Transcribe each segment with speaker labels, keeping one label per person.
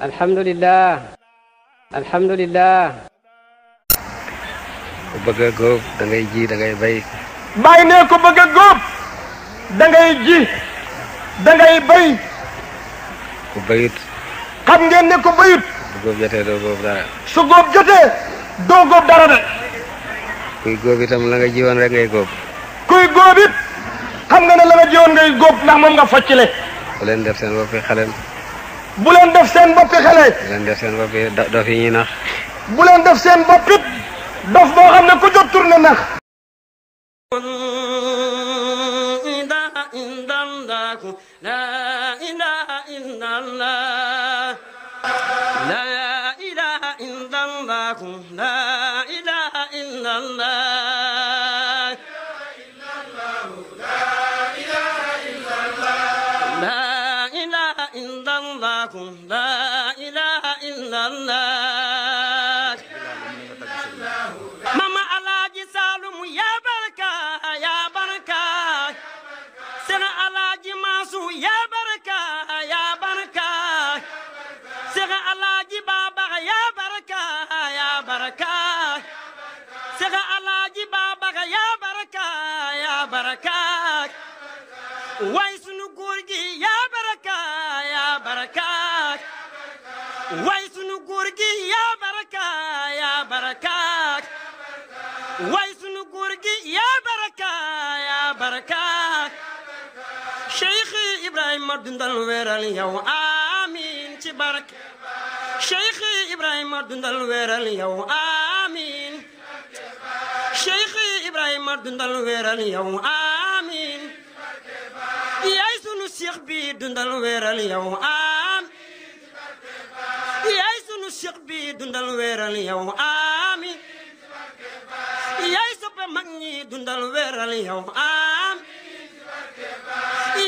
Speaker 1: alhamdulillah alhamdulillah
Speaker 2: ku bëgg a góob da ngay ji da ngay bay
Speaker 1: bàyyi ne ku bëgg góob
Speaker 3: da ngay ji da bay ku bayut xam ngeen ne ku bayut su góob jotee doo góob dara de
Speaker 1: kuy góob itam la nga jiwoon rek ngay góob
Speaker 3: kuy góob it xam nga ne la nga jiwoon ngay góob ndax moom nga foccile
Speaker 1: bu leen def seen bopp xaleel bu leen def seen boppi xale. bu leen def seen boppi dof yi ñuy nax.
Speaker 3: bu leen def seen boppit dof boo xam ne ku jot tourné nax.
Speaker 1: la ilaha illallah معكم لا إله إلا الله ماما على سالم يا بركة يا بركة سنة على ماسو يا بركة يا بركة سنة على بابا يا بركة يا بركة سنة على بابا يا بركة يا بركة ويس way sunu góor baraka ya baraka way sunu góor baraka ya baraka Sheikh Ibrahim dundal weeral yow amin ci barke Cheikh Ibrahima dundal weeral amin. amiin Ibrahim Ibrahima dundal weeral amin. amiin yaay sunu bi dundal weeral yow dundal weeral yow amin yaay soppe mag ñi dundal weeral yow amin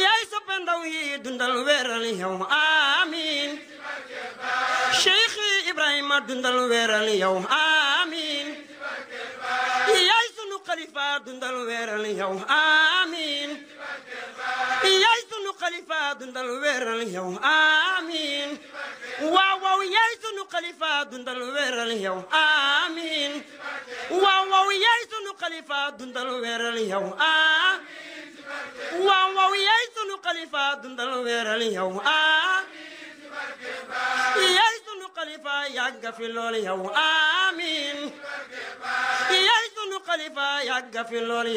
Speaker 1: yaay soppe ndaw yi dundal weeral yow amin Cheikh Ibrahima dundal weeral yow amin yaay sunu xalifa dundal weeral yow amin yaay sunu xalifa dundal weeral yow amin waaw waaw yaay sunu xalifa dundal weeral yow amin waaw waaw yaay sunu dundal weeral yow amin waaw waaw yaay sunu xalifa dundal weeral yow amin yaay sunu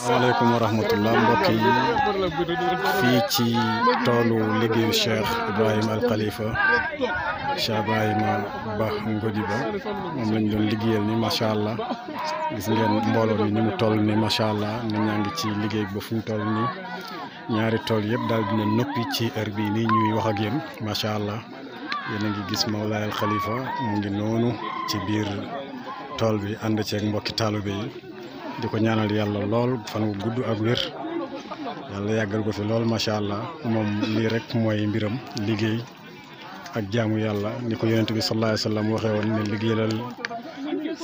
Speaker 2: asalaamaaleykum wa rahmatullah mbokk yi fii ci toolu liggéeyu Cheikh Ibrahima Al Khalifa Cheikh Ibrahima Ba Ngodiba moom lañ doon liggéeyal ni macha allah gis ngeen mbooloo mi ni mu toll ni macha allah nit ñaa ngi ci liggéey ba fu mu toll nii ñaari tool yëpp daal dina noppi ci heure bii nii ñuy wax ak yéen macha allah yéen a ngi gis Mawlaay Al Khalifa mu ngi noonu ci biir tool bi ànd ceeg mbokki taalibe yi. diko ñaanal yalla lool fan wu gudd ak wër yalla yagal ko fi lool macha allah moom lii rek moy mbiram liggey ak jaamu yalla ni yoonte bi sallallahu alayhi wasallam waxe won ni liggeyal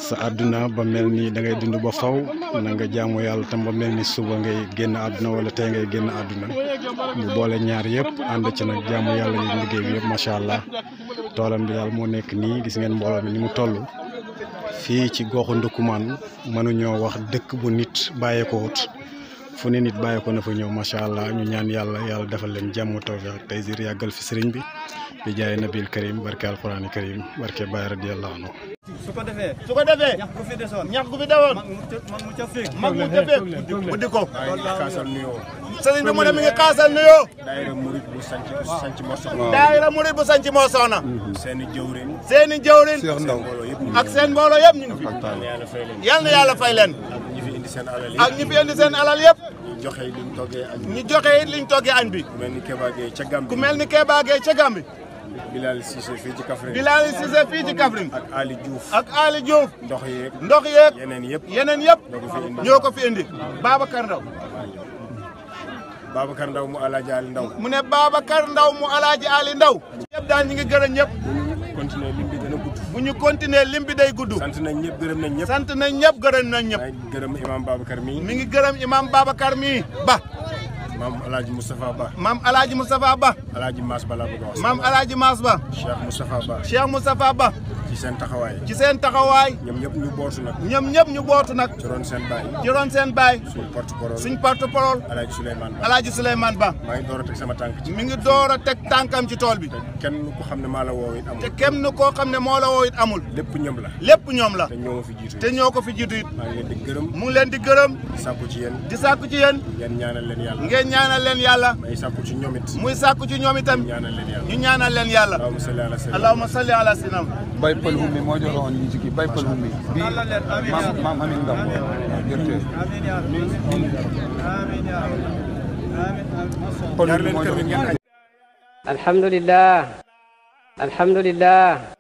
Speaker 2: sa aduna ba mel ni da ngay dund ba faw na nga jaamu yalla tam ba melni suba ngay genn aduna wala tay ngay genn aduna mu boole ñaar yépp ànd ci nag jaamu yàlla yi liggéey bi yëpp macha allah toolam bi daal moo nekk nii gis ngeen mbooloo ni mu tollu fii ci goxu Ndoukoumane mënuñoo wax dëkk bu nit bàyyeekoo wut fu ne nit bàyyi ko na fa ñëw macha allah ñu ñaan yàlla yàlla defal leen jàmm tawfiq tey taysir yàggal fi sëriñ bi bi jaay nabil karim barke alquraan karim barke baay radiyallahu anhu
Speaker 3: su ko su ko defee ñax gu fi desoon ñax mag mu ca feeg mag mu ca feeg
Speaker 2: bu di ko xaasal nuyoo
Speaker 3: sëriñ bi mu ne mi ngi xaasal nuyoo daayira daayira murid bu sanc moo soxna mm-hmm. seen ak seen mbooloo yëpp ñu ngi fi yal na yàlla fay leen indi seen alal ak ñi fi indi seen alal yëpp. ñu joxe it liñ toggee añ bi ñu joxe it liñ toggee añ bi. ku mel ni Kéba Gueye ca Gambie. ku mel ni Kéba Gueye ca Gambie. Bilal ci Kaffrine. Bilal Cissé fii ci Kaffrine. ak Ali Diouf. ak Ali Diouf. ndox yeeg. ndox yeeg yeneen yëpp. yeneen yëpp ñoo ko fi indi Babacar Ndaw. Babacar Ndaw mu El Ali Ndaw. mu ne Babacar Ndaw mu El Hadj Ali Ndaw. ñëpp daal ñu ngi gërëm ñëpp. continuer bu ñu continuer lim bi day gudd. sant nañ ñëpp gërëm nañ ñëpp. sant nañ ñëpp gërëm nañ ñëpp. gërëm imam Babacar mi. mi ngi gërëm imam Babacar mi ba. Mam alaji Mustafa, Ba. Mam alaji Mustafa Ba. alaji Masba, Mass Ba laa bëgg a Ba. Cheikh Mustafa Ba. Cheikh Mustafa Ba. ci sen taxaway. ci sen taxaway. Ñom ñep ñu bortu nak. Ñom ñep ñu bortu nak. ci ron sen bay. ci ron sen bay. Suñu porte parole Suñu porte parole. El Hadj Ba El Hadj Ba. Ma ngi doora tek sama tank ci. mi ngi doora tek tankam ci tol bi. kenn ko xamne ne maa la amul. te kenn koo xam ne moo la woo amul. Lepp ñom la. Lepp ñom la. te ñoo ko fi jitu. te ñoo ko fi jitu. it. ngi leen di gërëm. mu ngi leen di gërëm. di sakku ci yeen. di sakku ci yeen. ngeen ñaanal leen Yalla. ngeen ñaanal leen yàlla. muy sàkku ci ñoom it. muy sàkku ci ñoom itam. ñu ñaanal leen yàlla. allahumma salli ala sinam. bay pël mi moo joxe woon ñu jikki bay pël mi. bii
Speaker 2: maam maam Amin Ngam gerte. pël mi moo joxe.
Speaker 1: alhamdulillah. alhamdulillah.